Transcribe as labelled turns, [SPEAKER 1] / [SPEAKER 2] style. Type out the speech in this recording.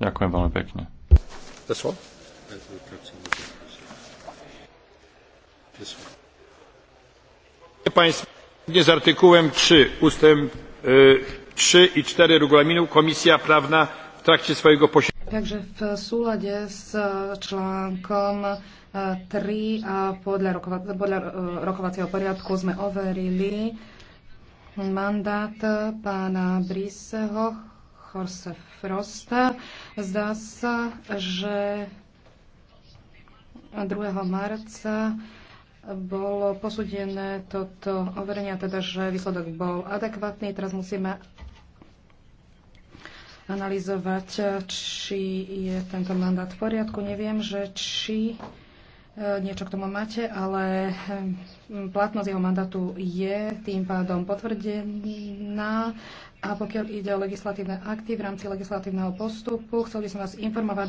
[SPEAKER 1] Ďakujem veľmi pekne. This one? This artykułem 3 ustęp 3 i 4 regulaminu Komisja Prawna w trakcie swojego posiedzenia.
[SPEAKER 2] Także w súlade z článkom 3 e, a podľa, rokova- podľa e, rokovacieho poriadku sme overili mandát pána Briseho Horse Frosta. Zdá sa, že 2. marca bolo posúdené toto overenie, teda, že výsledok bol adekvátny. Teraz musíme analyzovať, či je tento mandát v poriadku. Neviem, že či E, niečo k tomu máte, ale e, platnosť jeho mandátu je tým pádom potvrdená. A pokiaľ ide o legislatívne akty v rámci legislatívneho postupu, chcel by som vás informovať, že